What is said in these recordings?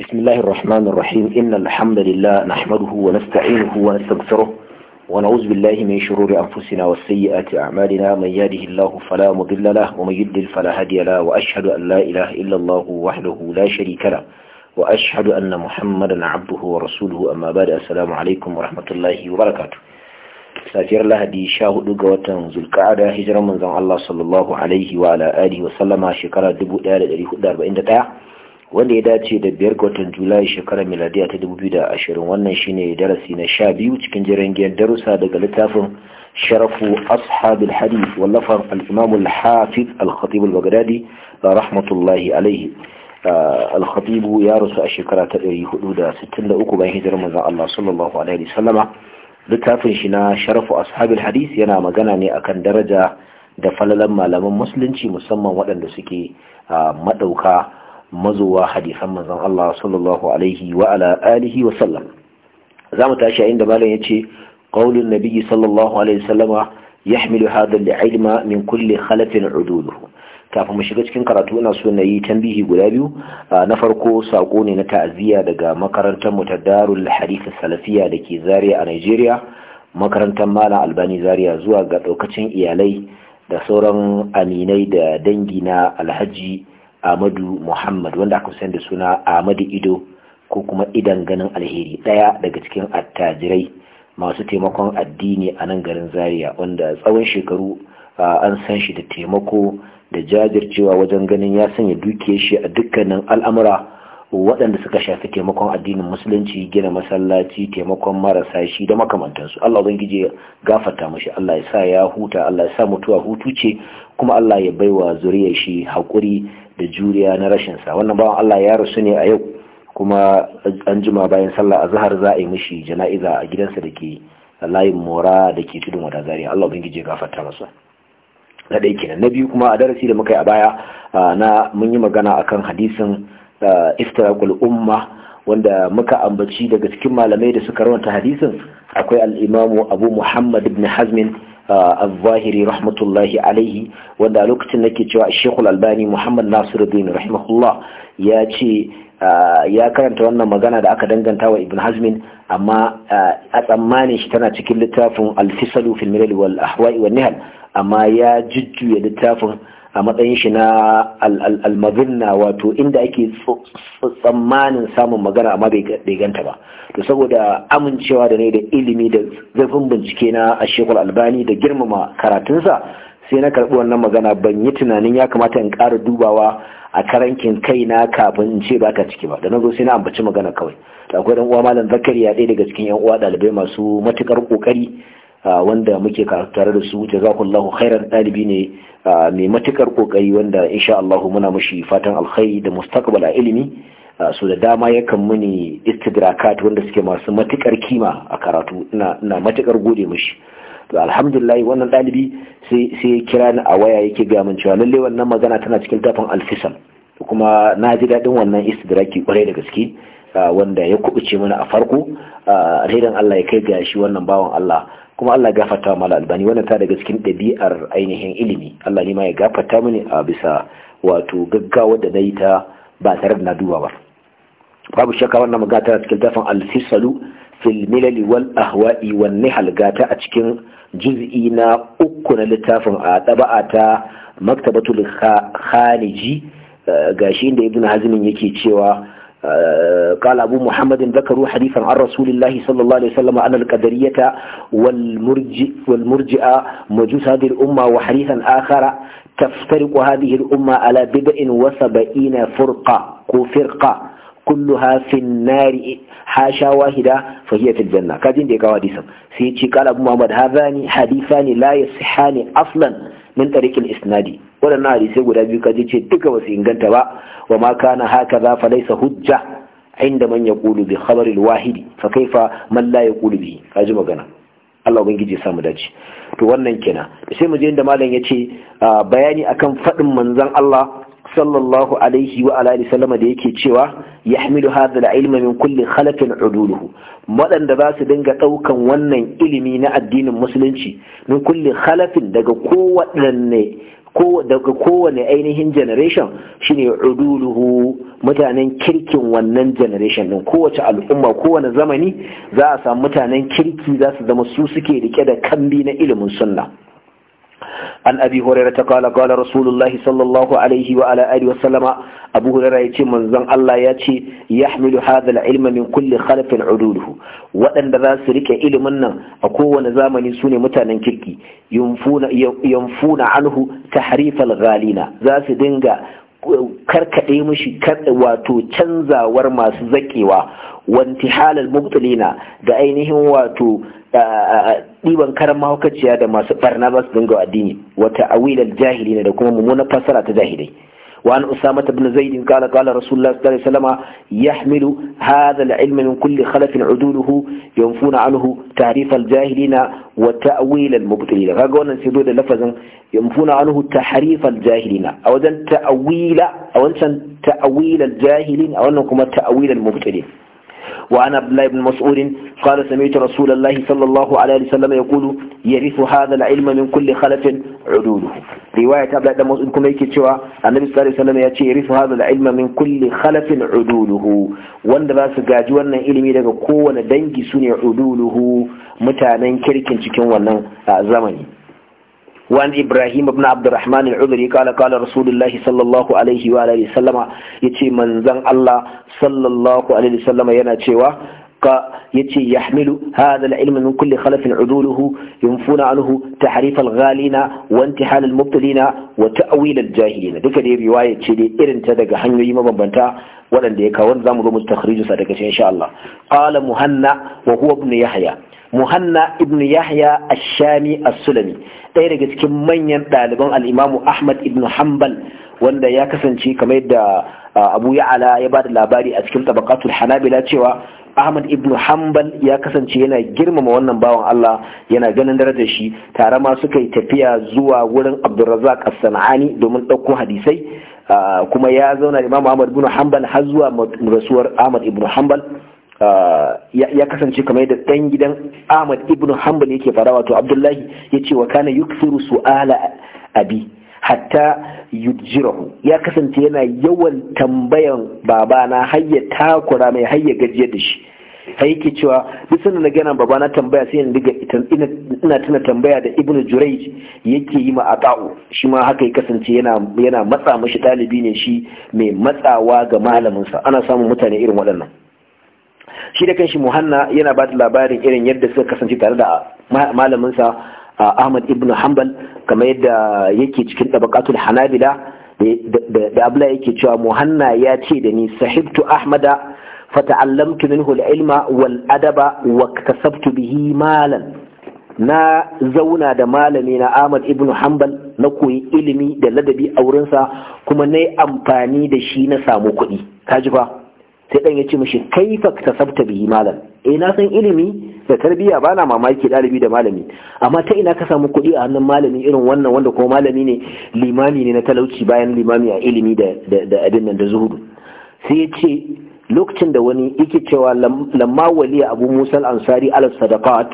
بسم الله الرحمن الرحيم إن الحمد لله نحمده ونستعينه ونستغفره ونعوذ بالله من شرور أنفسنا والسيئات أعمالنا من يهده الله فلا مضل له ومن يضلل فلا هادي له وأشهد أن لا إله إلا الله وحده لا شريك له وأشهد أن محمدا عبده ورسوله أما بعد السلام عليكم ورحمة الله وبركاته safiyar lahadi sha hudu ga watan zulka'ada hijirar manzon Allah sallallahu alaihi wa ala alihi wa sallama shekara 1441 wanda ya dace da biyar ga watan julai shekarar miladiya ta 2020 wannan shine darasi na sha biyu cikin jirangiyar darussa daga littafin sharafu ashabil hadith wallafan al-imam al-hafiz al-khatib al-baghdadi rahmatullahi alaihi ah, al-khatib ya rasu a shekara ta 463 bayan hijirar manzon Allah sallallahu alaihi wasallama littafin shi na sharafu ashabil hadith yana magana ne akan daraja da falalan malaman musulunci musamman waɗanda suke ah, maɗauka mazuwa hadisan manzon Allah sallallahu alaihi wa ala alihi wa sallam zamu tashi inda malam yace qaulun nabiyyi sallallahu alaihi wasallama yahmilu hadha al-ilma min kulli khalafin uduluhu kafin mu shiga cikin karatu ina so na yi tambihi guda biyu na farko sako ne na ta'aziyya daga makarantar mu ta Darul Hadith Salafiyya dake Zaria a Nigeria makarantar Malam Albani Zaria zuwa ga daukacin iyalai da sauran aminai da dangi na Alhaji Ahmadu Muhammad wanda aka san da suna Ahmadu Ido ko kuma idan ganin alheri daya daga cikin attajirai masu taimakon addini a nan garin Zaria wanda tsawon shekaru an san shi da taimako da jajircewa wajen ganin ya sanya dukiyar shi a dukkanin al'amura waɗanda suka shafi taimakon addinin musulunci gina masallaci taimakon marasa shi da makamantansu Allah ubangiji ya gafarta mashi Allah ya sa ya huta Allah ya sa mutuwa hutu ce kuma Allah ya baiwa zuriyar shi haƙuri da juriya na rashinsa wannan bawan Allah ya rasu ne a yau kuma an juma bayan sallah a zahar za a yi mishi jana'iza a gidansa da ke layin mora da ke tudun wada zariya Allah ya ya gafarta masa na ɗaya kenan na biyu kuma a darasi da muka yi a baya na mun yi magana akan hadisin iftiraqul umma wanda muka ambaci daga cikin malamai da suka rawanta hadisin akwai al Abu Muhammad ibn Hazmin al-zahiri rahmatullahi alaihi wanda a lokacin nake cewa shekul albani muhammad nasiru bin rahimahullah ya ce ya karanta wannan magana da aka danganta wa ibn hazmin amma a tsammanin shi tana cikin littafin alfisalu fil milal wal ahwa'i wal nihal amma ya jujjuya littafin a matsayin shi na almazinna wato inda ake tsammanin samun magana amma bai ganta ba to saboda amincewa da ne da ilimi da zafin bincike na ashekul albani da girmama karatunsa sai na karɓi wannan magana ban yi tunanin ya kamata in ƙara dubawa a karankin kai na kafin in ce baka ciki ba da na zo sai na ambaci magana kawai akwai dan uwa malam zakariya ɗaya daga cikin yan uwa ɗalibai masu matukar ƙoƙari. wanda muke karatu tare da su jazakallahu khairan dalibi ne mai matukar kokari wanda insha Allah muna mushi fatan alkhairi da mustaqbala ilimi su da dama yakan muni istidrakat wanda suke masu matukar kima a karatu ina matukar gode mushi to alhamdulillah wannan dalibi sai sai kira ni a waya yake ga min cewa lalle wannan magana tana cikin tafin alfisal kuma na ji dadin wannan istidraki kwarai da gaske wanda ya kubuce mana a farko rairan Allah ya kai ga shi wannan bawan Allah kuma Allah ya gafarta wa mala albani wannan ta daga cikin ɗabi'ar ainihin ilimi Allah ne ma ya gafarta mini a bisa wato gaggawa da na ta ba tare da na duba ba babu shakka wannan magata cikin tafin al-fisalu fil milal wal ahwa'i wan nihal gata a cikin juz'i na uku na littafin a taba'a ta maktabatul khaliji eh, gashi inda ibnu hazmin yake cewa قال أبو محمد ذكروا حديثا عن رسول الله صلى الله عليه وسلم أن القدرية والمرجئة والمرجئة مجوس هذه الأمة وحديثا آخر تفترق هذه الأمة على بدء وسبعين فرقة كفرقة كلها في النار حاشا واحدة فهي في الجنة كادين دي قواديسا سيتي قال أبو محمد هذان حديثان لا يصحان أصلا من طريق الإسناد waɗannan hadisai guda biyu kaji ce duka ba inganta ba wa ma kana haka za fa laisa hujja inda man ya kulu bi khabaril wahidi fa kaifa man la kulu bi kaji magana Allah ubangiji ya samu dace to wannan kenan sai mu je inda malam yace bayani akan fadin manzon Allah sallallahu alaihi wa alihi sallama da yake cewa yahmilu hadha al-ilma min kulli khalafin uduluhu wadanda za su dinga daukan wannan ilimi na addinin musulunci min kulli khalafin daga kowaɗanne daga kowane ainihin generation shine uduluhu mutanen kirkin wannan generation din kowace al'umma kowane zamani za a samu mutanen kirki za su zama su suke rike da kambi na ilimin sunna an abi hurairah ta kala rasulullahi sallallahu alaihi wa ala alihi wa sallama abu hurairah yace manzon Allah yace yahmilu hadha al-ilma min kulli khalfin uduluhu waɗanda za su rike ilimin nan a kowane zamani sune mutanen kirki yunfuna yanfuna anhu tahrifal ghalina za su dinga karkaɗe mishi wato canzawar masu zaƙewa wanti halal mubtilina da ainihin wato ɗiban karan mahaukaciya da masu ɓarna za su dinga addini wata awilal da kuma mummunar fassara ta jahilai وعن أسامة بن زيد قال قال رسول الله صلى الله عليه وسلم يحمل هذا العلم من كل خلف عدوله ينفون عنه تعريف الجاهلين وتأويل المبطلين غاقونا سيدود لفظا ينفون عنه تحريف الجاهلين أو تأويل أو تأويل الجاهلين أو أنكم تأويل المبطلين وعن عبد الله بن مسعود قال سمعت رسول الله صلى الله عليه وسلم يقول يرث هذا العلم من كل خلف عدوله رواية عبد الله بن مسعود كما يكي تشوى النبي صلى الله عليه وسلم يأتي يرث هذا العلم من كل خلف عدوله وان دباس قاجوانا إلمي لك قوة دنجي سني عدوله متانا كركن تكون وان زمني وعن إبراهيم بن عبد الرحمن العذري قال قال رسول الله صلى الله عليه وآله وسلم يتي من زن الله صلى الله عليه وسلم يناتي يتي يحمل هذا العلم من كل خلف عدوله ينفون عنه تحريف الغالين وانتحال المبتلين وتأويل الجاهلين duka dai riwaya ce dai irin ta daga hanyoyi mabambanta waɗanda ya kawo zamu zo mu takhriju sa daga shi insha Allah qala muhanna wa huwa ibn yahya muhanna ibn yahya ashami as-sulami ɗaya daga cikin manyan ɗaliban Al-Imamu ahmad ibn hanbal wanda ya kasance kamar yadda abu ya'ala ya ba da labari a cikin tabaqatul hanabila cewa ahmad ibn hanbal ya kasance yana girmama wannan bawan allah yana ganin darajar shi tare ma suka yi tafiya zuwa wurin abdulrazak as-sanani domin ɗauko hadisai kuma ya zauna Al-Imamu ahmad ibn hanbal har zuwa rasuwar ahmad ibn hanbal ya kasance kamar da ɗan gidan Ahmad ibn Hanbal yake fara wato Abdullahi ya ce wa kana yukthiru su'ala abi hatta yujirahu ya kasance yana yawan tambayan babana har ya takura mai har ya gajiyar da shi sai yake cewa duk sanda na gana babana tambaya sai in diga ina tuna tambaya da ibn Jurayj yake yi ma ata'u shi ma haka ya kasance yana yana matsa mashi ɗalibi ne shi mai matsawa ga malamin sa ana samun mutane irin waɗannan shi da kanshi muhanna yana ba da labarin irin yadda suka kasance tare da malaminsa ahmad ibn hanbal kamar yadda yake cikin tabaqatul hanabila da abla yake cewa muhanna ya ce da ni sahibtu ahmada fata'allamtu minhu al-ilma wal adaba wa kasabtu bihi malan na zauna da malami na Ahmad ibn Hanbal na koyi ilimi da ladabi a wurinsa kuma na yi amfani da shi na samu kuɗi. Ka ji sai dan ya ce mishi kaifa tasabta bihi malam eh na san ilimi da tarbiyya ba na mamaki dalibi da malami amma ta ina ka samu kuɗi a hannun malami irin wannan wanda kuma malami ne limami ne na talauci bayan limami a ilimi da abin nan da zuhudu sai ya ce lokacin da wani yake cewa lamma wali abu musa al-ansari al sadaqat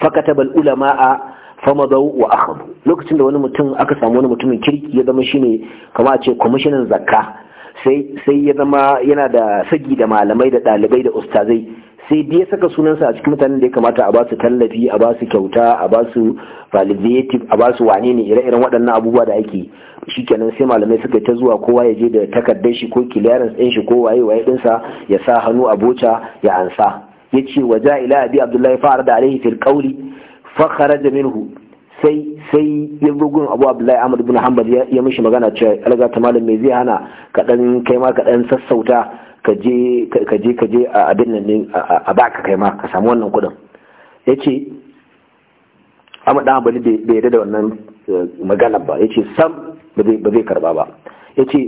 ulama al-ulama'a famadau wa akhadhu lokacin da wani mutum aka samu wani mutumin kirki ya zama shine kamar a ce kwamishinan zakka sai ya zama yana da sagi da malamai da ɗalibai da ustazai sai dai saka sunansa a cikin mutanen da ya kamata a basu tallafi a basu kyauta a basu validative a basu wane ne ire-iren waɗannan abubuwa da ake shikenan sai malamai suka ta zuwa kowa ya je da takardar shi ko clearance ɗin shi ko waye waye ɗinsa ya sa hannu a boca ya ansa yace wa ja ila abi abdullahi fa'ar da alaihi fil qawli fa kharaja minhu sai sai ya zo gun abu abdullahi ahmad ibn hanbal ya mishi magana cewa alaga ta malam me zai hana ka dan kai ma ka sassauta ka je ka je ka je a abin nan ne a baka kai ma ka samu wannan kudin yace ahmad dan hanbal bai yarda da wannan eh, magana ba yace sam ba zai karba ba yace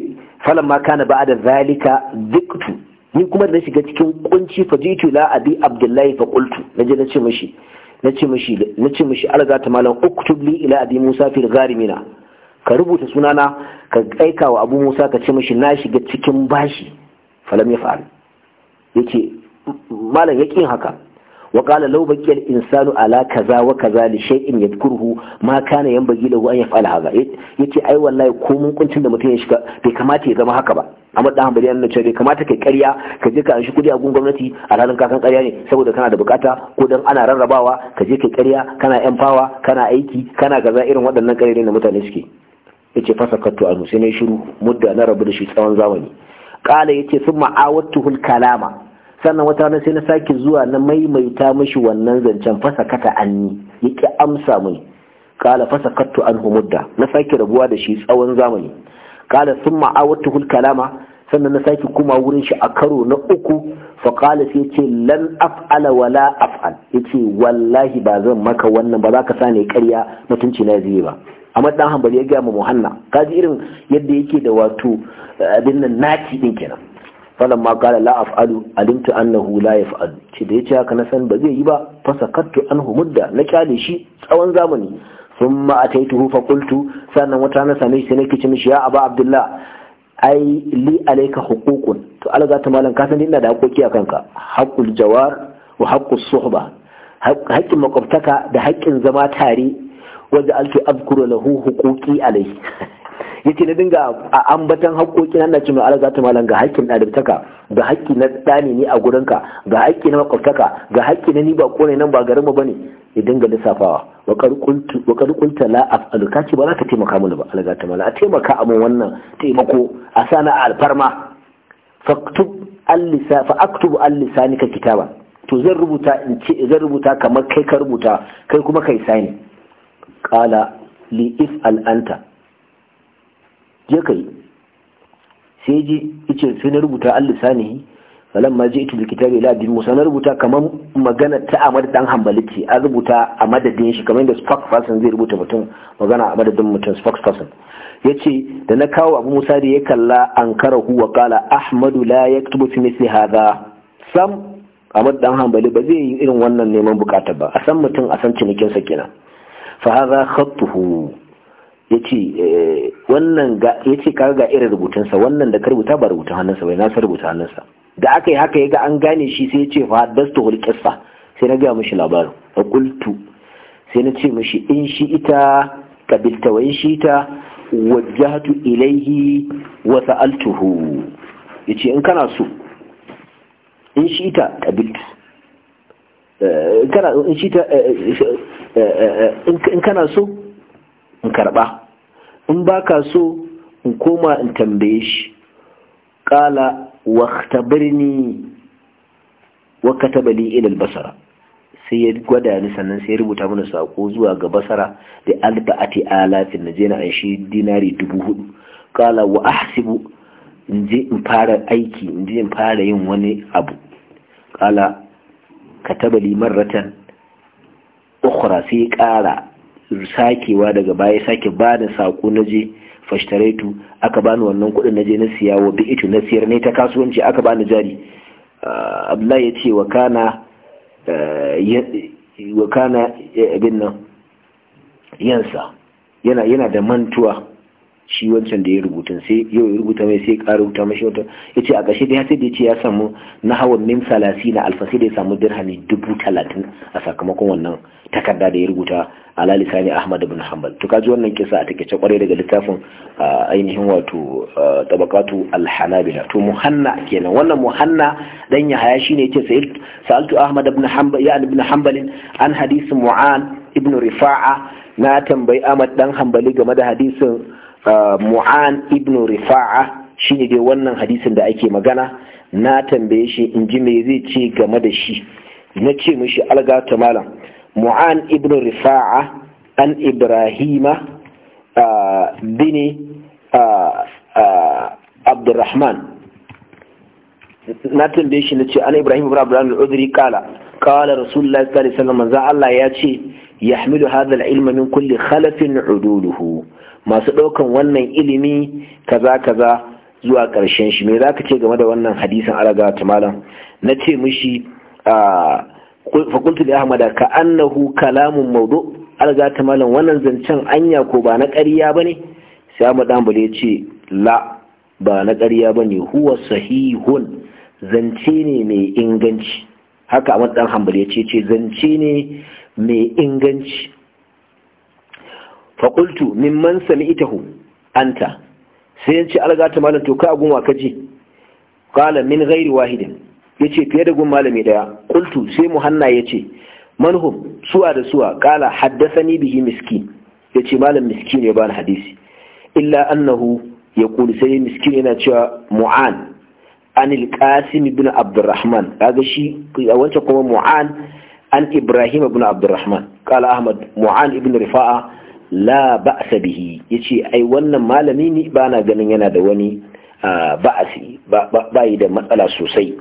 falan ma kana da zalika diktu ni kuma da na shiga cikin kunci fajitu la abi abdullahi fa qultu naje na ce mishi nace mishi nace mishi alga ta malam uktub li ila abi musa fil gharimina ka rubuta sunana ka aika wa abu musa ka ce mashi. na shiga cikin bashi falam ya fa'al yace malam ya haka wa qala law baqiya al-insanu ala kaza wa kaza li shay'in yadhkuruhu ma kana yanbaghi lahu an yaf'ala hadha yace ai wallahi ko mun kuncin da mutum ya shiga bai kamata ya zama haka ba amma dan hanbali yana cewa bai kamata kai ƙarya ka je ka anshi kudi a gwamnati a ranar kakan ƙarya ne saboda kana da bukata ko dan ana rarrabawa ka je kai ƙarya kana yan fawa kana aiki kana gaza irin waɗannan ƙarya da mutane suke yace fasakattu al-musaini shiru mudda na rabu da shi tsawon zamani kala yace thumma awattuhu al-kalama sannan wata rana sai na sake zuwa na maimaita mashi wannan zancen fasakata anni Yaki amsa mini kala fasakattu an humudda na sake rabuwa da shi tsawon zamani kala sun ma'awattuhul kalama sannan na sake kuma wurin shi a karo na uku faƙalis ya ce lan af'ala wala af'al ya ce wallahi ba zan maka wannan ba za ka sa ne karya mutunci na zai ba amma dan hanbali ya gama ma muhanna kaji irin yadda yake da wato eh, abin nan naci din kenan falamma qala la af'alu alimtu annahu la yaf'alu ce da yace haka na san ba zai yi ba fasakattu anhu mudda na kyale shi tsawon zamani thumma ataituhu fa qultu sannan wata na same shi nake ce mishi ya aba abdullah ai li alayka huququn to alaga ta malam ka san ina da haƙoƙi a kanka haqqul jawar wa haqqus suhba haƙƙin makwabtaka da haƙƙin zama tare wanda alki abkuru lahu huquqi alayhi yake na dinga a ambatan haƙoƙin na ce mai za ta ga haƙƙin ɗalibtaka ga haƙƙi na ɗani ne a gurinka ga haƙƙi na makwabtaka ga haƙƙi na ni ba ko nan ba garin mu bane ya dinga lissafawa wa kar la af'alu ka ce ba za ka taimaka mu ba za ta a taimaka a wannan taimako a sana alfarma faktub allisa fa aktubu allisanika kitaba to zan rubuta in ce zan rubuta kamar kai ka rubuta kai kuma kai sani qala li if al anta je ka yi sai ji sai na rubuta al-lisanihi falan ma ji'tu ita likita ila abdi musa na rubuta kamar magana ta a madadin hanbali A rubuta a madadin shi kamar da person zai rubuta mutum magana a madadin mutum Ya ce da na kawo abu musa da ya kalla an kara huwa kala ahmadu la yaktubu fi mithli haza sam a madadin hambali ba zai yi irin wannan neman bukata ba a san mutum a san cinikin sa kenan fa haza khattuhu yace eh, wannan ga ce kaga ga irin rubutunsa wannan da karbuta ba rubutun hannunsa bai na san rubuta hannunsa da aka yi haka yaga an gane shi sai ce fa dastu hul qissa sai na ga mishi labarin fa qultu sai na ce mishi in shi ita kabilta wa shi ita wajjahatu ilaihi wa sa'altuhu yace in kana so in shi ita kabiltu in kana so in karba in ba ka so in koma in tambaye shi ƙala waktabirni wa kataba li basara sai ya gwada ni sannan sai rubuta mana saƙo zuwa ga basara da alba'ati alafin naje na aishi dinari dubu hudu kala wa ahsibu in je in fara aiki in je in fara yin wani abu kala kataba li marratan Ukura sai ƙara sakewa daga baya sake ba da sako na je fashtaraitu aka bani wannan kudin na je na siya wa bi itu na siyar ne ta kasuwanci aka bani jari ah, abdullahi ya ce wa kana eh, wa kana eh, abin nan yansa yana da mantuwa shi wancan da ya rubuta sai yau ya rubuta mai sai ƙara rubuta mashi wata ya ce a ƙashe da ya sai da ya ce ya samu na hawan min salasi na alfa da ya samu dirhami dubu talatin a sakamakon wannan takarda da ya rubuta ala lisani ahmad bin hanbal to kaji wannan kisa a take kwarai daga littafin ainihin wato tabakatu alhanabila to muhanna kenan wannan muhanna dan ya haya shine yace sai sa'altu ahmad ibn hanbal ya ibn hanbal an hadisi mu'an ibn rifa'a na tambayi ahmad dan hanbali game da hadisin Ah, mu'an ibn rifa'a shine dai wannan hadisin da ake magana na tambaye shi in ji me zai ce game da shi na ce mishi algata malam mu'an ibn rifa'a an ibrahima ah, bini ah, abdurrahman na tambaye shi na ce an ibrahim ibn abdurrahman al-udri kala kala rasulullah sallallahu alaihi wasallam manzo Allah ya ce yahmilu hadha al-ilma min kulli khalafin ududuhu masu ɗaukan wannan ilimi kaza kaza zuwa ƙarshen shi me zaka ce game da wannan hadisin araga ta malam na ce mishi ah, fakultu da ahmada ka annahu kalamun maudu araga ta malam wannan zancen anya ko ba na ƙarya ba ne sai ahmad ya ce la ba na ƙarya ba ne huwa sahihun zance ne mai inganci haka ahmad dan hanbali ya ce zance ne mai inganci faƙultu mimman hu anta sai yace alga ta malam to ka a gunwa ka ji qala min gairi wahidin ce fiye da gun malami ɗaya. Ƙultu sai muhanna ya ce manhum suwa da suwa haddasa ni bihi miski ce malam miski ne ba hadisi illa annahu yaqulu sai miski yana cewa mu'an anil qasim ibn abdurrahman kaga shi wancan kuma mu'an an ibrahim ibn abdurrahman Ƙala ahmad mu'an ibn rifa'a la ba'sa bihi yace ai wannan malami ni ba na ganin yana da wani ba'asi ba yi da matsala sosai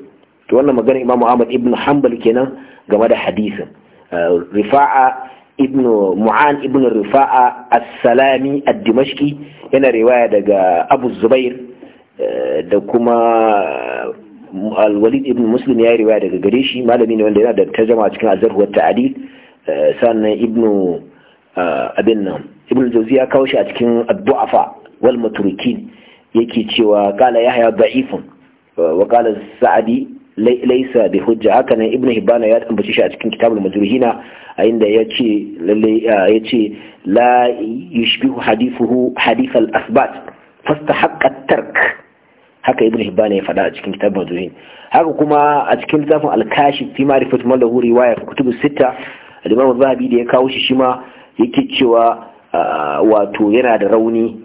to wannan magana Imam Ahmad ibn Hanbal kenan game da hadisin Rifa'a ibn Mu'an ibn Rifa'a As-Salami Ad-Dimashqi yana riwaya daga Abu Zubair e, da kuma Al-Walid ibn Muslim ya riwaya daga gare shi malami ne wanda yana da tarjuma cikin Azhar wa Ta'dil e, sannan ibn abin nan ibn jauzi ya kawo shi a cikin addu'afa wal maturikin yake cewa kala haya da'ifun wa kala sa'adi laisa bi hujja haka nan ibn hibana ya ambace shi a cikin kitabul majruhina a inda ya ce lalle ya ce la yushbihu hadithuhu hadith al asbat fastahaqqa tark haka ibn hibana ya faɗa a cikin kitabul majruhin haka kuma a cikin littafin al-kashif fi ma'rifat man lahu riwaya kutubus sita al-imam zahabi da ya kawo shi shima yake cewa wato yana da rauni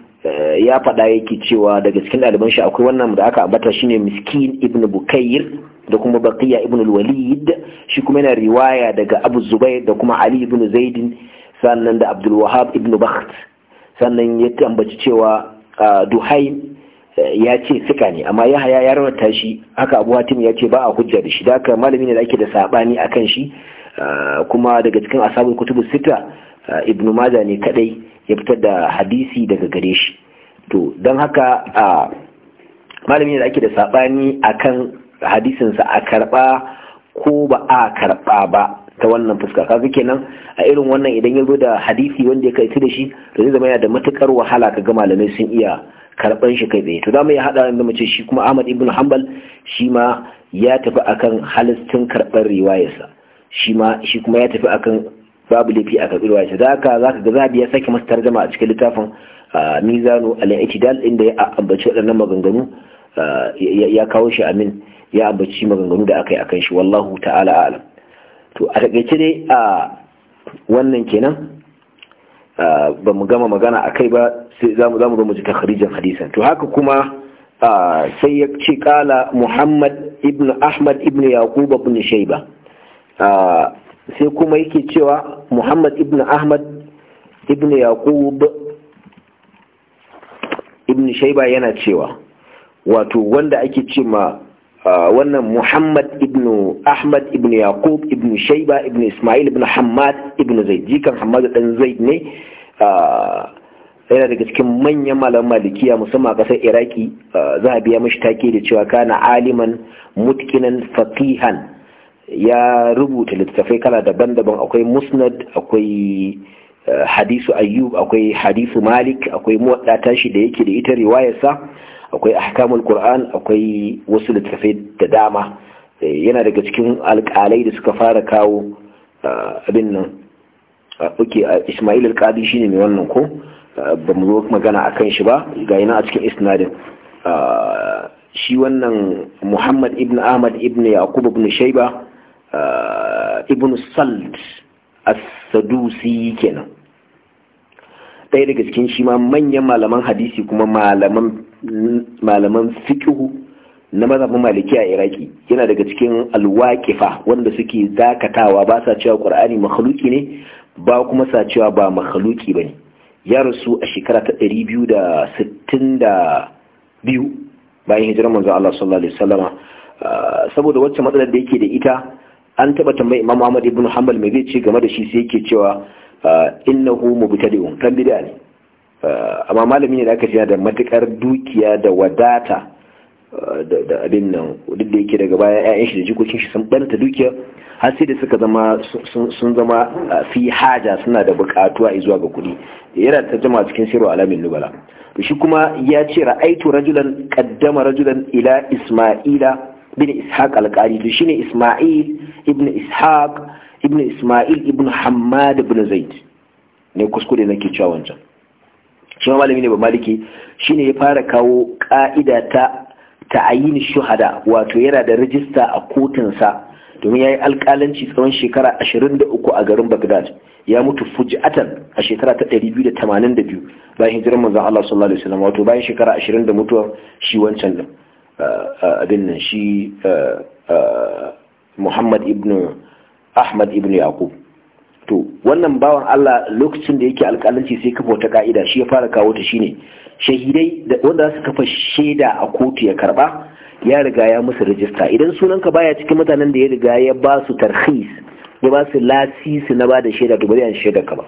ya faɗa yake cewa daga cikin ɗaliban shi akwai wannan da aka ambata ne miskin ibn bukayir da kuma baqiya ibn walid shi kuma yana riwaya daga abu zubair da kuma ali ibn zaidin sannan da abdul wahab ibn bakht sannan ya tambaci cewa duhaim ya ce suka ne amma ya haya ya rawata shi haka abu hatim ya ce ba a hujja da shi da haka malami ne da ake da sabani akan shi kuma daga cikin asabul kutubu sita ibnu maja ne kadai ya fitar da hadisi daga gare shi to don haka malamin da ake da sabani akan hadisinsa a karba ko ba a karba ba ta wannan fuska kaga kenan a irin wannan idan ya zo da hadisi wanda ya kai da shi to zai zama yana da matukar wahala ga malamai sun iya karban shi kai tsaye to zamu iya hada da mace shi kuma Ahmad ibn Hanbal shi ma ya tafi akan halistin karban riwayarsa shi ma shi kuma ya tafi akan babu laifi a karɓi shi da haka za ka ga zabi ya sake masa tarjama a cikin littafin mizanu al-i'tidal inda ya ambaci waɗannan maganganu ya kawo shi amin ya ambaci maganganu da aka yi kan shi wallahu ta'ala alam to a takaice dai a wannan kenan ba mu gama magana a kai ba sai za mu zo mu ji hadisan to haka kuma sai ya ce kala muhammad ibn ahmad ibn yaqub ibn shayba sai kuma yake cewa muhammad ibn ahmad ibn yaqub ibn shaiba yana cewa wato wanda ake ce wannan muhammad ibn ahmad ibn yaqub ibn shaiba ibn ismail ibn hamad ibn zaid jikan hammad dan zaid ne yana daga cikin manyan malaman malikiya musamman a kasar iraki za a biya mashi take da cewa kana aliman mutkinan faqihan ya rubuta littattafai kala daban-daban akwai musnad akwai eh, hadisu ayyub akwai hadisu malik akwai muwadda tashi da yake da ita riwayarsa akwai ahkamul qur'an akwai wasu littattafai da dama eh, yana daga cikin alƙalai da suka fara kawo eh, abin nan oke ismail alƙadi ne mai wannan ko ba mu zo magana kan shi ba ga yana a cikin isnadin shi wannan muhammad ibn ahmad ibn yaqub ibn shaiba ibn salt as-sadusi kenan ɗaya daga cikin shi ma manyan malaman hadisi kuma malaman fikihu na mazhabin maliki a iraki yana daga cikin alwaƙifa wanda suke dakatawa ba sa cewa ƙur'ani makhluki ne ba kuma sa cewa ba makhluki ba ne ya rasu a shekara ta 262 bayan hijirar manzo Allah sallallahu alaihi wasallama saboda wacce matsalar da yake da ita an taba tambayi imam ahmad ibn hanbal me zai ce game da shi sai yake cewa ah, innahu mubtadi'un kan bid'a ne ah, amma malami ne da aka ce da matukar dukiya da wadata ah, da abin nan duk da yake daga baya yayan shi da jikokin shi sun barta dukiya har sai da suka zama sun zama fi haja suna da bukatuwa zuwa ga kuɗi yana ta jama cikin sirru alamin nubala shi kuma ya ce ra'aitu rajulan qaddama rajulan ila isma'ila bin ishaq alƙari to shine isma'il ibn ishaq ibn isma'il ibn hammad ibn zaid ne kuskure nake cewa wancan shi ma malami ne ba maliki shine ya fara kawo ka'ida ta ta'ayin shuhada wato yana da rijista a kotunsa domin ya yi alƙalanci tsawon shekara 23 a garin Baghdad ya mutu fuji'atan a shekara ta 282 bayan hijirar manzon Allah sallallahu alaihi wasallam wato bayan shekara 20 da mutuwar shi wancan din abin nan shi eh, eh, muhammad ibn ahmad ibn yaqub to wannan bawan Allah lokacin da yake alƙalanci sai kafa wata ka'ida shi ya fara kawo ta shine shahidai wanda za su kafa shaida a kotu ya karba ya riga ya musu rajista idan sunanka baya cikin mutanen da ya riga ya ba su tarhis ya ba su lasisi na ba da shaida to bari an shaida ka ba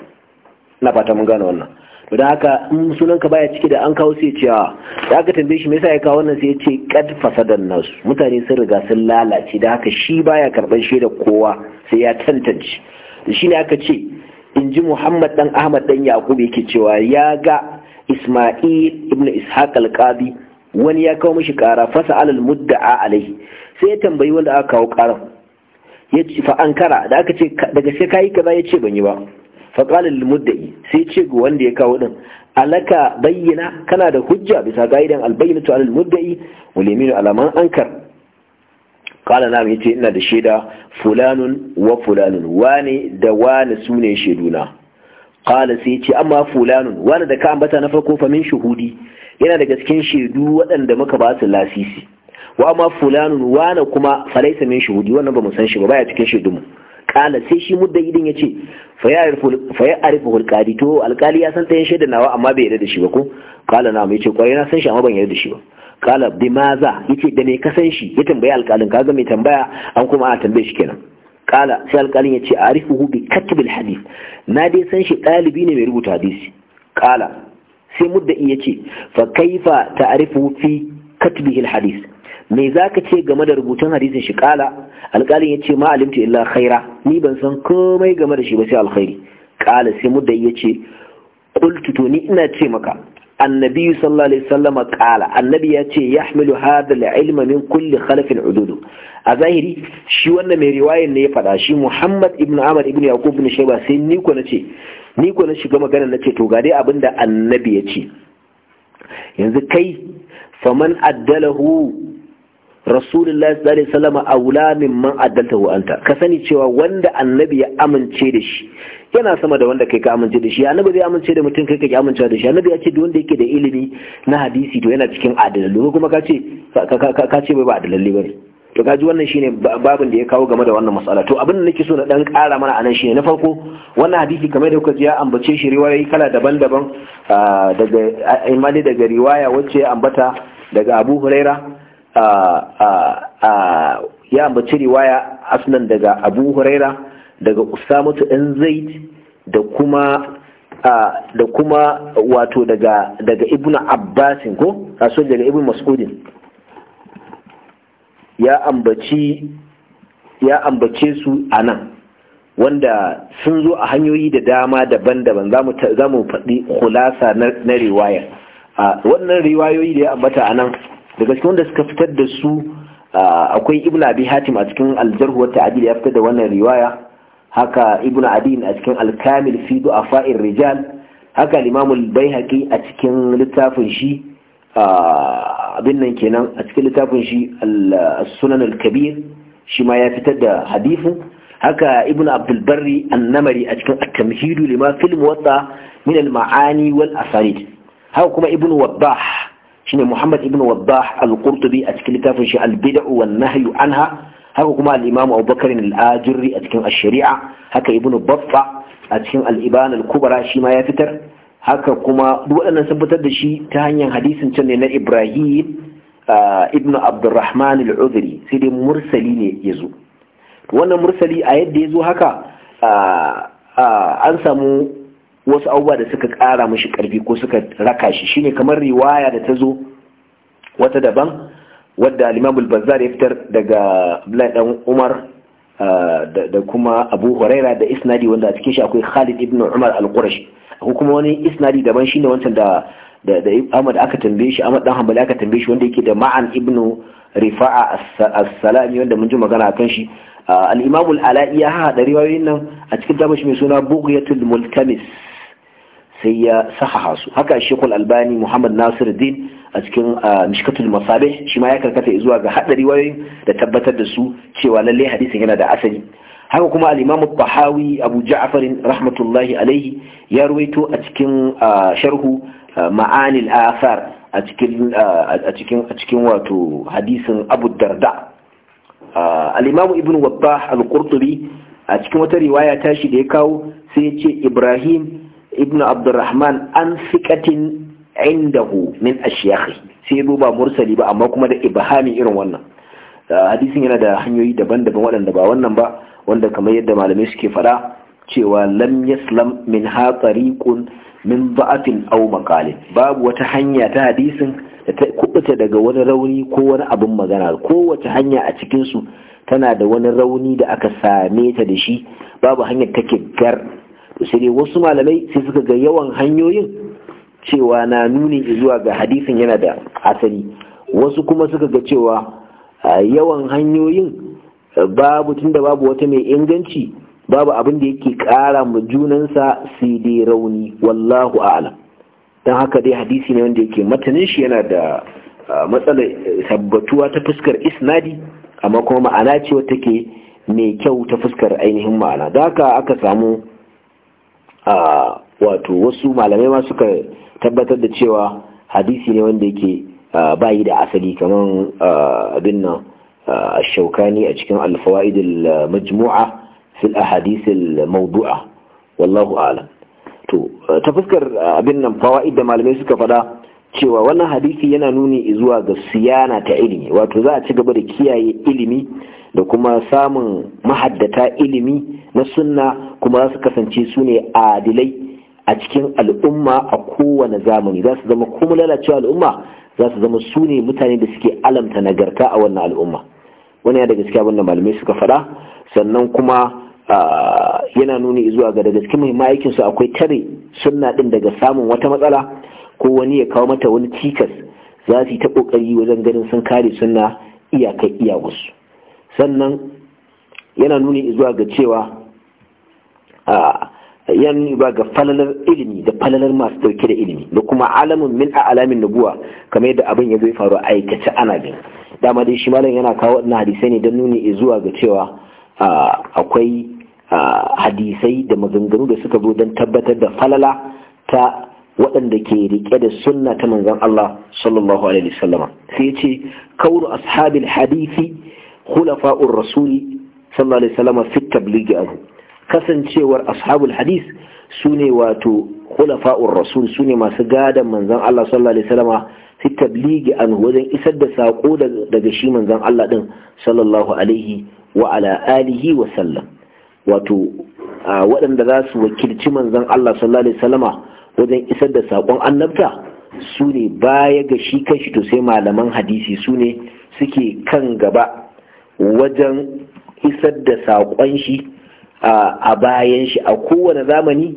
na fata mun gane wannan da haka in sunanka baya ciki da an kawo sai cewa da aka tambaye shi me yasa ya kawo wannan sai ya ce kad fasadan nasu mutane sun riga sun lalace da haka shi baya karban da kowa sai ya tantance shi ne aka ce in ji muhammad dan ahmad dan yaqub yake cewa ya ga isma'il ibn ishaq al-qadi wani ya kawo mishi kara fasa alal mudda'a alai sai ya tambayi wanda aka kawo karan ya ce fa ankara da aka ce daga sai kayi kaza ya ce ban yi ba faƙalin muddai sai ce ga wanda ya kawo din alaka bayyana kana da hujja bisa ga'idan albayyinatu alal muddai wal alaman ankar kala na mai ce ina da shaida fulanun wa fulanun wani da wani sune shaiduna kala sai ce amma fulanun wani da ka ambata na farko famin shahudi, yana daga cikin shaidu waɗanda muka ba su lasisi wa amma fulanun wani kuma falaisa min shuhudi wannan ba mu san shi ba baya cikin mu kala sai shi mudda idin ya ce fa arifu hulƙari to alkali ya san ta yin shaida nawa amma bai yarda da shi ba ko kala na mai ce kwarai na san shi amma ban yarda da shi ba kala bi maza yace da me ka san shi ya tambaya alkalin kaga mai tambaya an kuma a tambaye shi kenan kala sai alkalin ya ce arifuhu bi katib alhadith na dai san shi dalibi ne mai rubuta hadisi kala sai mudda ya yace fa kaifa ta'rifu fi katbihi alhadith me za ka ce game da rubutun hadisin shi kala alƙalin ya ce ma alimtu illa khaira ni ban san komai game da shi ba sai alkhairi kala sai mudda ya ce qultu to ni ina ce maka annabi sallallahu alaihi wasallam kala annabi ya ce yahmilu hadha al-ilma min kulli khalafin ududu a zahiri shi wannan mai riwayar ne ya faɗa shi Muhammad ibn amr ibn Yaqub ibn Shayba sai ni ko nace ni ko na shiga magana nace to ga dai abinda annabi ya ce yanzu kai faman addalahu rasulullahi sallallahu alaihi wasallam aula man addaltahu anta ka sani cewa wanda annabi ya amince da shi yana sama da wanda kai ka amince da shi annabi zai amince da mutum kai ka amince da shi annabi ya ce duk wanda yake da ilimi na hadisi to yana cikin ko kuma ka ce ka ce bai ba adalalle bane to kaji wannan shine babin da ya kawo game da wannan matsala to abin da nake so na dan kara mana anan shine na farko wannan hadisi kamar da kuka ji ya ambace shi riwayoyi kala daban-daban ah, daga ah, imani daga riwaya wacce ambata daga Abu Huraira ya ambaci riwaya asnan daga abu huraira daga usamatu ɗan zaid da kuma da kuma wato daga daga ibn abbasin ko kaso daga ibn mas'udin ya ambaci ambace su a nan wanda sun zo a hanyoyi da dama daban-daban zamu mu faɗi kulasa na riwaya. wannan riwayoyi da ya ambata a nan daga cikin wanda suka fitar da su akwai ibn abi hatim a cikin aljarhu wata ta'dil ya fitar da wannan riwaya haka ibn adin a cikin alkamil kamil fi du'afa'ir rijal haka al-imam al-baihaqi a cikin littafin shi abin nan kenan a cikin littafin shi al-sunan al-kabir shi ma ya fitar da hadisin haka ibn abdul barri an-namari a cikin at-tamhidu lima fil muwatta min al-ma'ani wal asanid haka kuma ibn wabbah shine Muhammad ibn Wabbah al-Qurtubi a cikin littafin shi al-Bid'u wan Nahyu anha haka kuma al-Imam Abu Bakr al-Ajurri a cikin ash-Shari'a haka Ibn Baffa a cikin al-Iban al-Kubra shi ma ya fitar haka kuma duk waɗannan sun fitar da shi ta hanyar hadisin can ne na Ibrahim ibn Abdurrahman al-Udhri sai dai mursali ne yazo wannan mursali a yadda yazo haka an samu wasu abubuwa da suka ƙara mashi ƙarfi ko suka raka shi shine kamar riwaya da ta zo wata daban wadda alimamul bazzar ya fitar daga abdullahi dan umar ah, da kuma abu huraira da isnadi wanda a cikin shi akwai khalid ibn umar al qurash akwai kuma wani isnadi daban shine wancan da da Ahmad aka tambaye shi Ahmad dan Hanbali aka tambaye shi wanda yake da Ma'an ibn Rifa'a as-Salami wanda mun ji magana akan shi ah, al-Imam al-Ala'i ya hada riwayoyin nan a cikin tabashi mai suna Bughyatul Multamis sai ya sahaha su haka shekul albani muhammad nasir din a cikin mishkatul masabih shi ma ya karkata zuwa ga haɗari wayoyin da tabbatar da su cewa lallai hadisin yana da asali haka kuma al bahawi tahawi abu ja'far rahmatullahi alaihi ya ruwaito a cikin sharhu ma'anil athar a cikin a cikin a cikin wato hadisin abu darda al-imamu ibn wabbah al-qurtubi a cikin wata riwaya tashi da ya kawo sai ya ce ibrahim ibnu abdurrahman an fiƙatin indahu min ashiyakhi sai ba mursali ba amma kuma da ibahami irin wannan hadisin yana da hanyoyi daban-daban waɗanda ba wannan ba wanda kamar yadda malamai suke faɗa cewa lam yaslam min ha tariqun min ba'atin aw maqalin babu wata hanya ta hadisin da ta kubuta daga wani rauni ko wani abin magana kowace hanya a cikin su tana da wani rauni da aka same ta da shi babu hanyar take gar shirye wasu malamai sai suka ga yawan hanyoyin cewa na nuni zuwa ga hadisin yana da asali wasu kuma suka ga cewa yawan hanyoyin babu tunda babu wata mai inganci babu abin da yake kara mu junansa sai dai rauni wallahu a'lam don haka dai hadisi ne wanda yake matanin shi yana da matsala sabbatuwa ta fuskar isnadi amma kuma ma'ana ce wata ke mai kyau ta fuskar ainihin ma'ana da haka aka samu a wato wasu malamai ma suka tabbatar da cewa hadisi ne wanda yake bayi da asali kamar abin nan cikin أجكن الفوائد المجموعة في الأحاديث mawdu'a wallahu a'lam to ta fuskar abin nan fawaid da malamai suka fada cewa wannan hadisi yana nuni zuwa ga siyana ta ilimi wato za a ci gaba da kiyaye ilimi da kuma samun mahaddata ilimi na sunna kuma za su kasance su ne adilai a cikin al'umma a kowane zamani za su zama kuma lalacewa al'umma za su zama su ne mutane da suke alamta nagarta a wannan al'umma wani ya daga cikin abin da malamai suka faɗa sannan kuma yana nuni zuwa ga daga cikin muhimman su akwai tare sunna din daga samun wata matsala ko wani ya kawo mata wani cikas za su yi ta kokari wajen ganin sun kare sunna iyakai iyawansu sannan yana nuni zuwa ga cewa yana nuni zuwa ga falalar ilimi da falalar masu dauke da ilimi da kuma alamin min a alamin nabuwa kamar yadda abin ya zai faru a aikace ana gani dama dai shi malam yana kawo waɗannan hadisai ne don nuni zuwa ga cewa akwai hadisai da maganganu da suka zo don tabbatar da falala ta waɗanda ke riƙe da sunna ta manzon Allah sallallahu alaihi wasallam sai ya ce kauru ashabil hadisi khulafa'ur rasuli sallallahu alaihi wasallam fi tablighi anhu kasancewar ashabul hadis sune wato khulafa'ur rasul sune masu gadan manzon Allah sallallahu alaihi wasallam fi tablighi anhu wajen isar da sako daga shi manzon Allah din sallallahu alaihi wa ala alihi wa sallam wato waɗanda za su wakilci manzon Allah sallallahu alaihi wasallam wajen isar da sakon annabta su ne baya ga shi kanshi to sai malaman hadisi su ne suke kan gaba wajen isar da saƙon shi a bayan shi a kowane zamani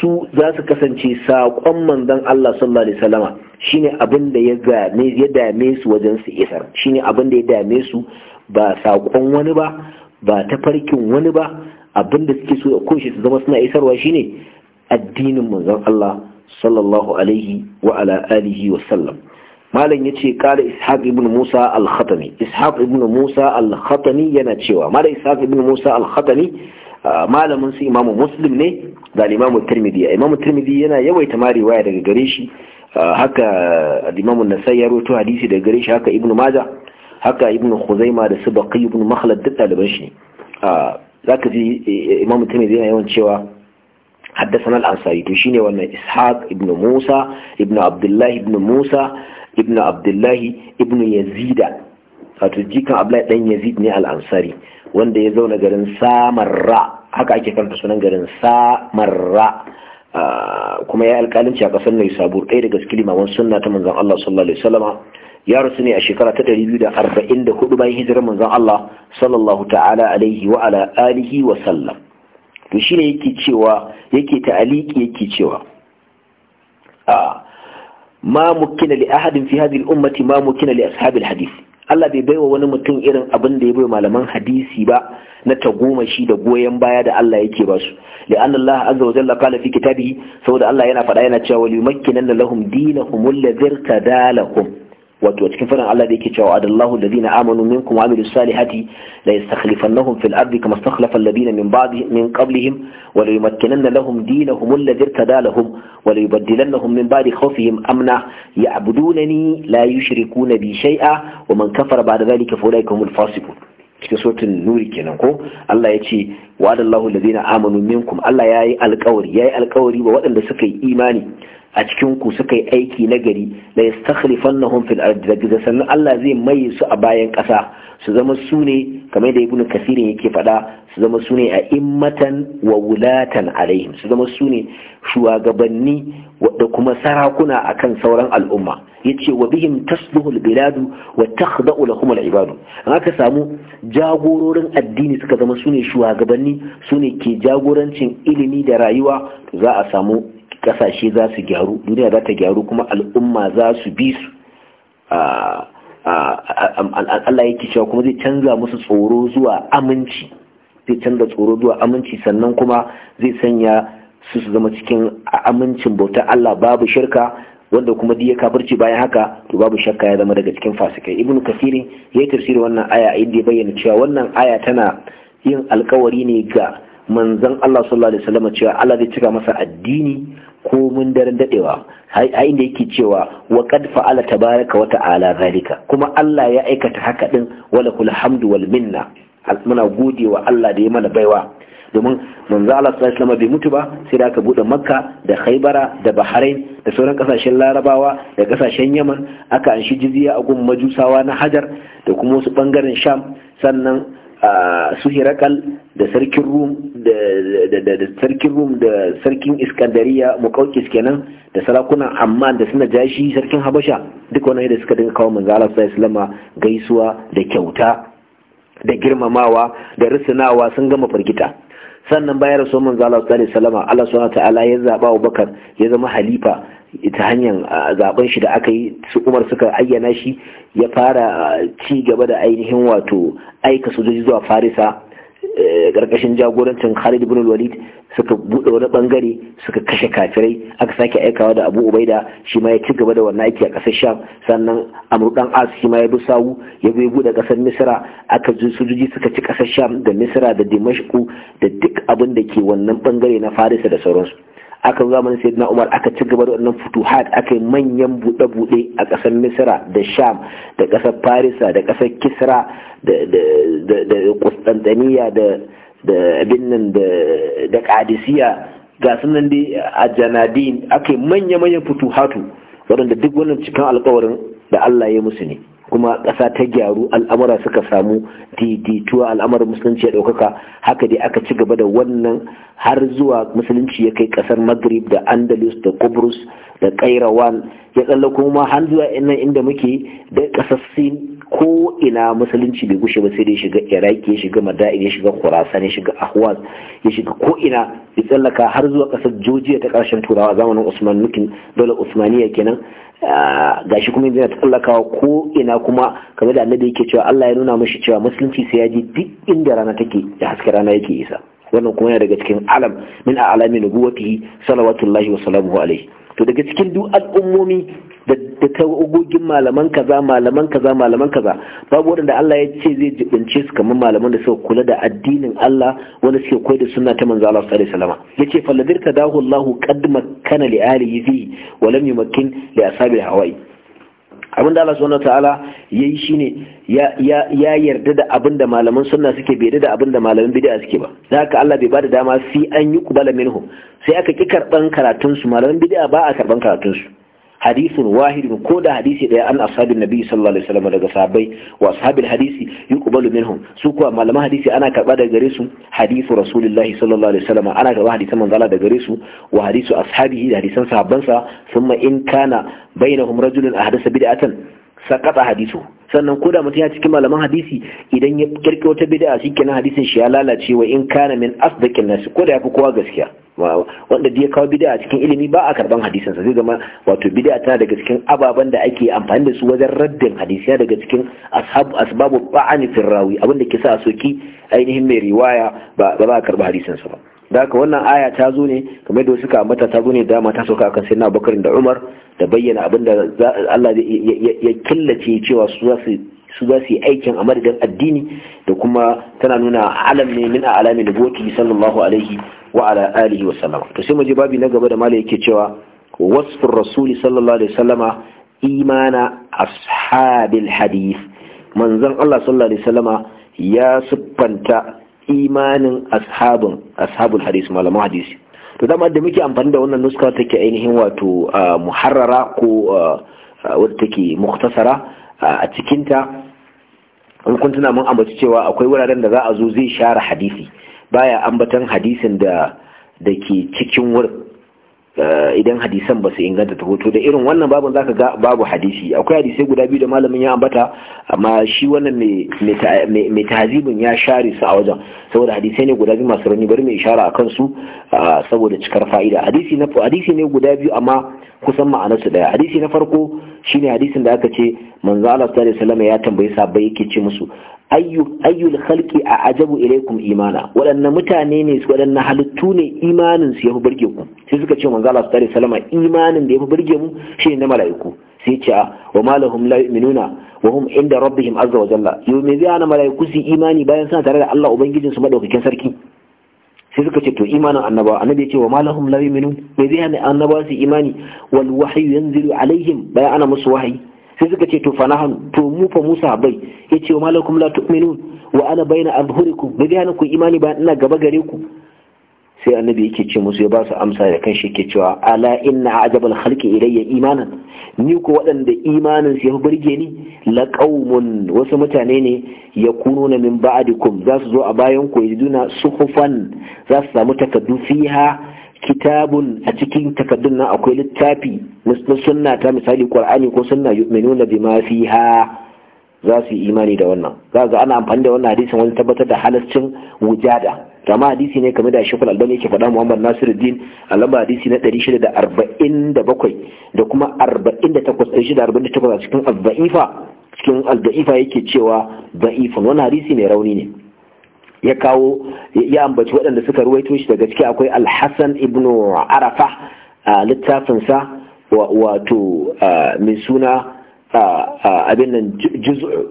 su za su kasance saƙon manzon Allah sallallahu alaihi wasallama shine abin da ya game ya dame su wajen su isar shine abin da ya dame su ba saƙon wani ba ba tafarkin wani ba abin da suke so da shi su zama suna isarwa shine addinin manzon Allah sallallahu alaihi wa ala alihi wa sallam malam yace kala ishaq ibn musa al-khatami ishaq ibn musa al-khatami yana cewa malam ishaq ibn musa al-khatami ah, malamin su imamu muslim ne da imamu tirmidhi imamu tirmidhi yana yawaita ma riwaya daga gare shi ah, haka imamu nasai ya rawaito hadisi daga gare shi haka ibn majah haka ibn khuzaima da su baqi ibn makhlad duk shi ah, zaka ji eh, imamu tirmidhi yana yawan cewa al-ansari To shine wannan ishaq ibn Musa, ibn abdullah ibn Musa. ibn abdullahi ibn yazida wato jikan abdullahi dan yazid ne al-ansari wanda ya zauna garin samarra haka ake karanta sunan garin samarra ah, kuma ya alƙalinci a ƙasar Naisabur ɗaya daga cikin limaman sunna ta manzon Allah sallallahu alaihi wasallama ya rasu ne a shekara ta 244 bayan hijirar manzon Allah sallallahu ta'ala alaihi wa ala alihi wa sallam to shine yake cewa yake ta'aliki yake cewa a ah, ma mukina li ahadin fi hadhihi al-ummati ma mukina li ashabil hadith Allah bai baiwa wani mutum irin abin da ya bai malaman hadisi ba na shi da goyon baya da Allah yake ba su li'anna Allah azza wa jalla qala fi kitabihi saboda Allah yana faɗa yana cewa li makkinan lahum dinahum alladhi lahum. wato cikin fadin Allah da yake cewa adallahu alladhina amanu minkum wa amilus salihati la yastakhlifannahum fil ardi kama istakhlafa alladhina min ba'dihim min qablihim wa la yumakkinanna lahum dinahum alladhi irtada lahum wa la yubaddilannahum min ba'di khawfihim amna ya'budunani la yushrikuna bi shay'a wa man kafara ba'da dhalika fa ulaika humul fasiqun cikin sautin nuri kenan ko Allah ya ce wa adallahu alladhina amanu minkum Allah yayi alƙawari yayi alƙawari wa waɗanda suka yi imani a cikin ku suka yi aiki na gari la yastakhlifannahum fil ardi sannan Allah zai maye su a bayan ƙasa su zama su ne kamar da ibnu kasirin yake faɗa su zama su ne a immatan wa wulatan alaihim su zama su ne shugabanni da kuma sarakuna akan sauran al'umma yace wa bihim tasluhul biladu wa takhda'u lahum al ibadu an aka samu jagororin addini suka zama su ne shugabanni su ne ke jagorancin ilimi da rayuwa za a samu kasashe za su gyaru duniya za ta gyaru kuma al'umma za su bi su Allah yake cewa kuma zai canza musu tsoro zuwa aminci zai canza tsoro zuwa aminci sannan kuma zai sanya su su zama cikin amincin bautar Allah babu shirka wanda kuma ya kafirci bayan haka to babu shakka ya zama daga cikin fasikai ibn kasiri ya yi tafsiri wannan aya inda ya bayyana cewa wannan aya tana yin alkawari ne ga manzon Allah sallallahu alaihi wasallam cewa Allah zai cika masa addini ko mun daren dadewa a inda yake cewa wa qad fa'ala tabaraka wa ta'ala zalika kuma Allah ya aikata haka din wala kul hamdu wal minna muna gode wa Allah da ya mana baiwa domin manzo Allah sallallahu alaihi bai mutu ba sai da aka bude Makka da Khaibara da Bahrain da sauran kasashen Larabawa da kasashen Yaman aka anshi jizya a gun majusawa na Hajar da kuma wasu bangaren Sham sannan su hirakal da sarkin rum da sarkin rum da sarkin iskandariya mukaukis kenan da sarakuna amma da suna jashi sarkin habasha duk wani da suka dinga kawo manzo Allah sallallahu gaisuwa da kyauta da girmamawa da risinawa sun gama firgita sannan bayar rasulun manzo Allah sallallahu alaihi Allah subhanahu ta'ala ya zaba Abubakar ya zama halifa ta hanyar zaben shi da aka yi su umar suka ayyana shi ya fara ci gaba da ainihin wato aika sojoji zuwa farisa karkashin e, jagorancin Khalid ibn Walid suka bude wani bangare suka kashe kafirai aka sake aikawa da Abu Ubaida shi ma ya ci gaba da wannan aiki a kasar Sham sannan Amurkan dan As shi ma ya bi sawu ya bi bude ƙasar Misra aka ji sojoji suka ci kasar Sham da Misra da dimashku da duk abin da ke wannan bangare na Farisa da sauransu aka zamanin sayyidina umar aka ci gaba da wannan futuhat aka yi manyan buɗe-buɗe a ƙasar misra da sham da ƙasar farisa da ƙasar kisra da kustantaniya da abin da kadisiya ga sunan da a janadin aka yi manya-manyan futuhatu waɗanda duk wannan cikin alkawarin da allah ya musu ne kuma ƙasa ta gyaru al'amura suka samu daidaituwa al'amarin musulunci ya ɗaukaka haka dai aka ci gaba da wannan har zuwa musulunci ya kai ƙasar maghrib da andalus da kubrus da kairawan ya tsallako kuma har zuwa nan inda muke da ƙasar sin ko ina musulunci bai gushe ba sai dai shiga iraki ya shiga mada'in ya shiga khurasan ya shiga ahwaz ya shiga ko ina ya tsallaka har zuwa kasar jojiya ta karshen turawa zamanin usman nukin dole usmaniya kenan ah, gashi kuma yana tsallakawa ko ina kuma kamar da annabi yake cewa Allah ya nuna mishi cewa musulunci sai ya ji duk inda rana take da haske rana yake isa wannan kuma yana daga cikin alam min a'lami nubuwatihi alaihi wa sallam alaihi to daga cikin duk al'ummomi da tawagogin malaman kaza malaman kaza malaman kaza babu waɗanda Allah ya ce zai jibince su kamar malaman da suka kula da addinin Allah wanda suke koyar da sunna ta manzo Allah sallallahu alaihi wasallam yace falladir dahu Allahu qad kana li alihi wa lam yumkin li ashabi hawai abin da Allah subhanahu ya yayi shine ya ya yarda da abin da malaman sunna suke bai da abin da malaman bid'a suke ba dan haka Allah bai ba da dama fi an yi kubala minhu sai aka ki karɓar karatunsu su malaman bid'a ba a karban karatunsu. hadisin wahidin ko da hadisi daya an ashabin nabi sallallahu alaihi wasallam daga sahabbai wa ashabil hadisi yuqbalu minhum su kuwa malaman hadisi ana karba daga gare su hadisu rasulullahi sallallahu alaihi wasallam ana karba hadisan manzala daga gare su wa hadisu ashabihi da hadisan sa thumma in kana bainahum rajulun ahdasa bid'atan sakata hadisu sannan ko da mutum ya cikin malaman hadisi idan ya kirkiro ta bid'a shikenan hadisin shi ya lalace wa in kana min asdaqin nas ko da yafi kowa gaskiya wanda da ya kawo bid'a cikin ilimi ba a karban hadisin sa zai zama wato bid'a tana daga cikin ababen da ake amfani da su wajen raddin hadisi daga cikin ashabu asbabu ba'ani firrawi abin da ke sa soki ainihin mai riwaya ba za a karba hadisin sa ba da ka wannan aya ta zo ne kamar da suka mata ta zo ne da mata sauka kan sayyidina Abubakar da Umar da bayyana abin da Allah ya killace cewa su za su su za su yi aikin a madadin addini da kuma tana nuna alam ne min a alamin da nubuwati sallallahu alaihi wa ala alihi wa sallama to sai mu je babi na gaba da malai yake cewa wasfur rasuli sallallahu alaihi wa wasallama imana ashabil hadith manzon Allah sallallahu alaihi wa wasallama ya siffanta imanin ashabin ashabul hadith malaman hadisi to dama da muke amfani da wannan nuska take ainihin wato ah, muharrara ko ah, ah, wadda take muktasara a cikinta in kun tuna mun ambaci cewa akwai wuraren da za a zo zai share hadisi baya ambatan hadisin da da ke cikin wurin Eh, idan hadisan ba su inganta ta hoto da irin wannan babin zaka ga babu hadisi akwai hadisai guda biyu da malamin ya ambata amma shi wannan mai tazibin ya share su a wajen saboda hadisai ne guda biyu masu rauni bari mai ishara a kansu eh, saboda cikar fa'ida hadisi ne guda biyu amma kusan ma'anarsu daya hadisi na farko shi ne hadisin da aka ce manzo Allah sallallahu alaihi ya tambayi sahabbai yake ce musu ayyul khalqi a ajabu ilaikum imana waɗanne mutane ne su waɗanne halittu ne imanin su yafi burge ku sai suka ce manzo Allah sallallahu alaihi wasallam imanin da ya fi burge mu shine na mala'iku sai ce ah, wa malahum la yu'minuna wa hum inda rabbihim azza wa jalla yau me zai ana mala'iku su imani bayan suna tare da Allah ubangijin su madaukakin sarki sai suka ce to imanin annabawa annabi ya ce wa malahum la yu'minun me zai ana annabawa su imani wal wahyu yanzilu alaihim bayan ana musu wahayi sai suka ce to fanahan to mu fa musa bai yace wa malakum la tu'minun wa ana baina azhurikum ku hana ku imani ba ina gaba gare ku sai annabi yake ce musu ya ba su amsa da kanshi yake cewa ala inna ajabal khalqi ilayya imanan ni ko waɗanda imanin su ya burge ni la qaumun wasu mutane ne ya na min ba'dikum za su zo a bayan ku yiduna suhufan za su samu takaddu fiha kitabun a cikin takaddun nan akwai littafi na sunna ta misali qur'ani ko sunna yu'minuna bima fiha za su yi imani da wannan za ga ana amfani da wannan hadisin wani tabbatar da halascin wujada amma hadisi ne kamar da shekul albani yake faɗa muhammad nasiruddin alamba hadisi na 647 da kuma 48 a cikin al-da'ifa cikin al-da'ifa yake cewa da'ifun Wani hadisi mai rauni ne ya kawo ya ambaci waɗanda suka ruwaito shi daga ciki akwai alhassan ibn arafa a littafinsa wato mai suna abin nan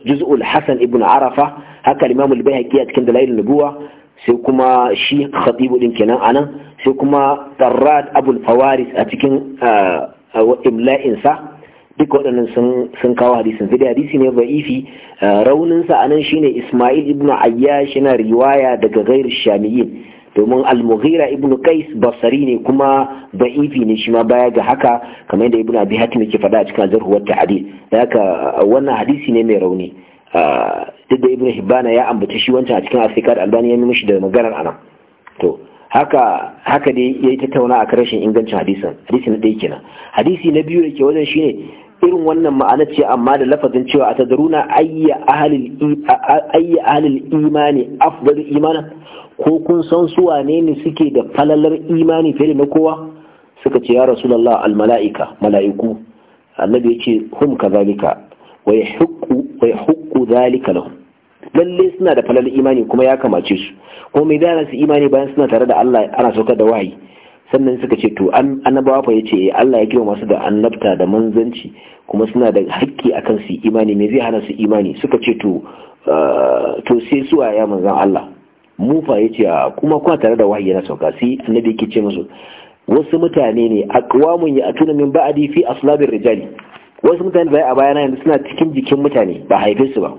juz'ul hassan ibn arafa haka limamu haƙi a cikin dalailun nubuwa sai kuma shi khatibu din kenan anan sai kuma tarrad abul fawaris a cikin imla'insa duk waɗannan sun kawo hadisin sai hadisi ne ba'ifi eh, rauninsa a nan shine ismail ibn ayyash yana riwaya daga gair shamiyin domin al-mughira ibn qais basari ne kuma ba'ifi ne shi ma baya ga haka kamar yadda ibn abi hatim yake faɗa a cikin jarhu wa ta'dil haka eh, wannan hadisi ne mai rauni eh, duk da ibn hibana ya ambata shi wancan a cikin asiqat albani ya shi da maganar anan to haka haka dai yayi tattauna a karshen ingancin hadisin hadisi na ɗaya kenan hadisi na biyu da ke wajen shine irin wannan ma'ana ce amma da lafazin cewa a tadaruna ayya ahalil imani afdalu imana ko kun san su wane ne suke da falalar imani fiye da na kowa suka ce ya rasulullah al mala'ika mala'iku annabi yace hum kazalika wa wa zalika lahum lalle suna da falalar imani kuma ya kamace su kuma me da su imani bayan suna tare da Allah ana saukar da wahayi sannan suka ce to annabawa fa yace eh, Allah ya kira masu da annabta da manzanci kuma suna da hakki akan su imani me zai hana su imani suka ce to ah, to sai suwa ya manzan Allah mu fa yace kuma kwa tare da wahayi na sauka sai annabi yake ce musu wasu mutane ne aqwamun ya atuna min ba'di fi aslabir rijali wasu mutane bai a bayana yanzu suna cikin jikin mutane ba haife su ba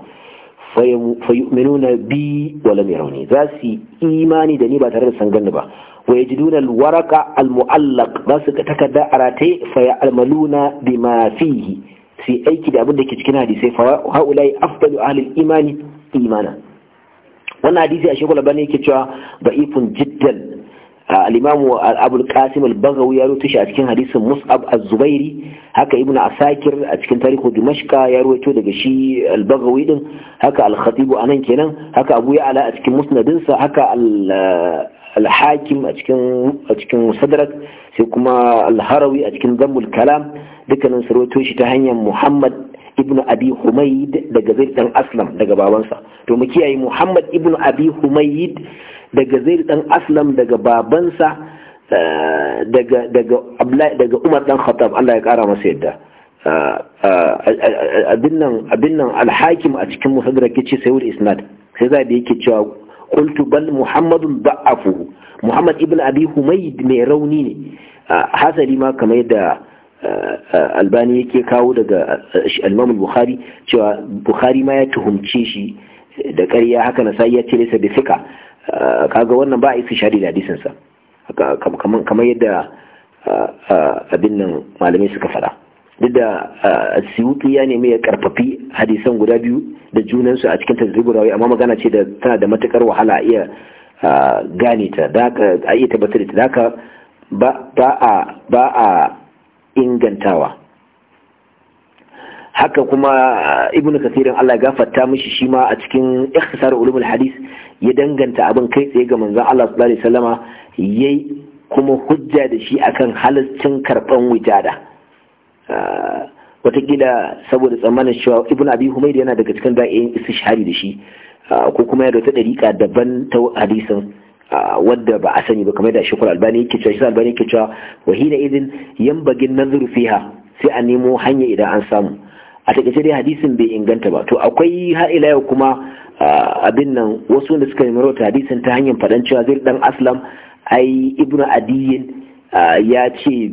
yu'minuna bi wa lam yarawni za su imani da ni ba tare da san ganni ba wa yajiduna alwaraka almu'allaq za su takarda a rataye fa ya'maluna bima fihi sai aiki da abinda ke cikin hadisai fa haulai afdalu ahli imani imana wannan hadisi a shekul bane ke cewa da'ifun jiddan al-imamu abul qasim al-baghawi ya rawaito shi a cikin hadisin mus'ab az-zubairi haka ibn asakir a cikin tarihu dimashqa ya rawaito daga shi al-baghawi din haka al a nan kenan haka abu ya'la a cikin musnadinsa haka alhakim a cikin sadrak sai kuma alharawi a cikin zambul kalam dukkanin sarwato shi ta hanyar muhammad ibn abi Humayd daga zai dan aslam daga babansa to mu kiyaye muhammad ibn abi Humayd daga zai dan aslam daga babansa daga daga umar dan khattab Allah ya kara masa yadda abin nan alhakim a cikin musadrak yace sayyid isnad sai da yake cewa qultu Muhammadu Ba'afu, muhammad ibn abi humayd mai rauni ne hasali ma kamar yadda albani yake kawo daga al-imam bukhari cewa bukhari ma ya tuhumce shi da ƙarya haka na sai ya ce laysa fika kaga wannan ba a yi fishari da hadisin sa kamar yadda abin nan malamai suka faɗa. duk da siyuti ya nemi ya karfafi hadisan guda biyu da junansu a cikin tazibu amma magana ce da tana da matukar wahala a iya gane ta a iya tabbatar da haka ba a ingantawa haka kuma ibnu kasirin Allah ya gafarta mishi shi ma a cikin ikhtisar ulumul hadis ya danganta abin kai tsaye ga manzon Allah sallallahu alaihi wasallama yayi kuma hujja da shi akan halaccin karban wujada watakila saboda tsammanin cewa ibn abi humaid yana daga cikin ga'iyin istishhari da shi ko kuma ya ta dariqa daban ta hadisin wadda ba a sani ba kamar da shekul albani yake cewa shi albani yake cewa wahina idin yambagi nazuru fiha sai a nemo hanya idan an samu a takaice dai hadisin bai inganta ba to akwai har ila yau kuma abin nan wasu da suka nemi rawaita hadisin ta hanyar faɗan cewa zai dan aslam ai ibnu adiyin Ah, ya ce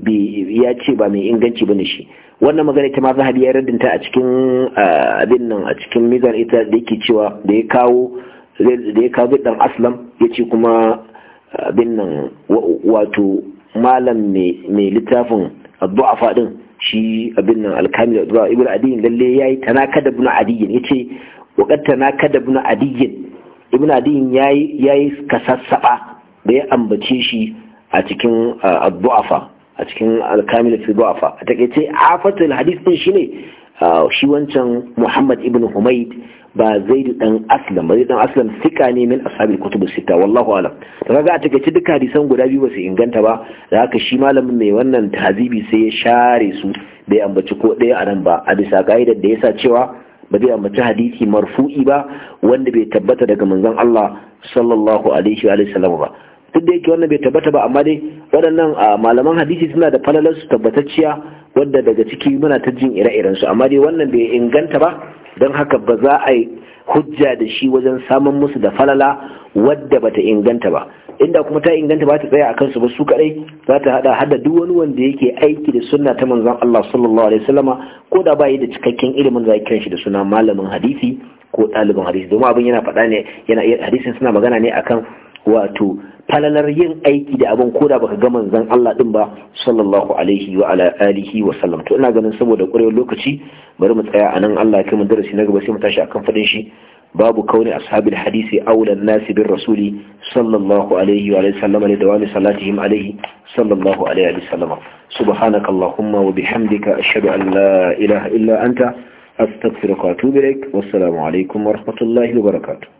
ba mai inganci bane shi wannan magana ita ma zahabi ya raddinta a cikin ah, abin nan a cikin mizan ita da yake cewa da ya kawo da ya kawo dan aslam ya ce kuma ah, abin nan wato malam mai littafin addu'afa din shi abin nan alkamil addu'a ibnu adiyin lalle yayi tanaka da ibnu adiyin yace wakar tanaka da ibnu adiyin ibnu adiyin yayi yayi kasassaba da ya ambace shi a cikin addu'afa a cikin alkamil fi du'afa a takeice afatul hadith din shine shi wancan Muhammad ibn Humayd ba Zaid dan Aslam ba Zaid dan Aslam sika ne min ashabil kutub sita wallahu alam to kaga a takeice duka hadisan guda biyu ba su inganta ba da haka shi malamin mai wannan tazibi sai ya share su bai ambaci ko ɗaya a nan ba a bisa ka'idar da yasa cewa ba zai ambaci hadisi marfu'i ba wanda bai tabbata daga manzon Allah sallallahu alaihi wa sallam ba duk da yake wannan bai tabbata ba amma dai waɗannan ah, malaman hadisi suna da falalar su tabbatacciya wadda daga ciki muna ta jin ire-iren su amma dai wannan bai inganta ba don haka ba za a yi hujja da shi wajen samun musu da falala wadda bata inganta ba inda kuma ta inganta ba ta tsaya a kansu ba su kadai za ta hada hada duk wani wanda yake aiki da sunna ta manzon Allah sallallahu alaihi wasallama ko da bai da cikakken ilimin za kiran shi da suna malamin hadisi ko ɗalibin hadisi domin abin yana faɗa ne yana hadisin suna magana ne akan wato falalar yin aiki da abin koda baka ga manzon Allah din ba sallallahu alaihi wa ala alihi wa sallam to ina ganin saboda ƙwarewar lokaci bari mu tsaya anan Allah ya kai mu darasi na gaba sai mu tashi akan fadin shi babu kauni ashabil hadisi aula nasi bir rasuli sallallahu alaihi wa sallam da dawami salatihim alaihi sallallahu alaihi wa sallam subhanaka allahumma wa bihamdika ashhadu an la ilaha illa anta astaghfiruka wa atubu ilaik wassalamu alaikum wa rahmatullahi wa barakatuh